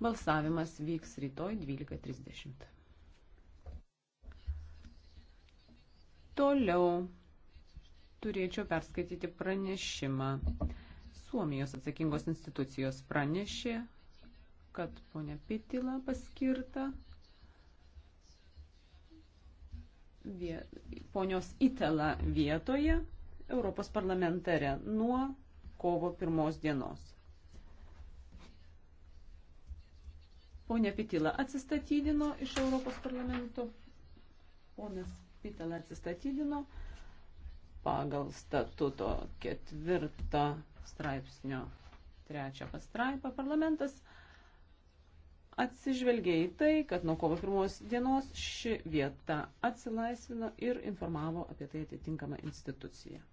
Balsavimas vyks rytoj 12.30. Toliau turėčiau perskaityti pranešimą. Suomijos atsakingos institucijos pranešė, kad ponia Pitila paskirta ponios Itela vietoje Europos parlamentare nuo kovo pirmos dienos. Pone Pitila atsistatydino iš Europos parlamento. Ponas Pitila atsistatydino pagal statuto ketvirtą straipsnio trečią pastraipą. Parlamentas atsižvelgia į tai, kad nuo kovo pirmos dienos ši vieta atsilaisvino ir informavo apie tai atitinkamą instituciją.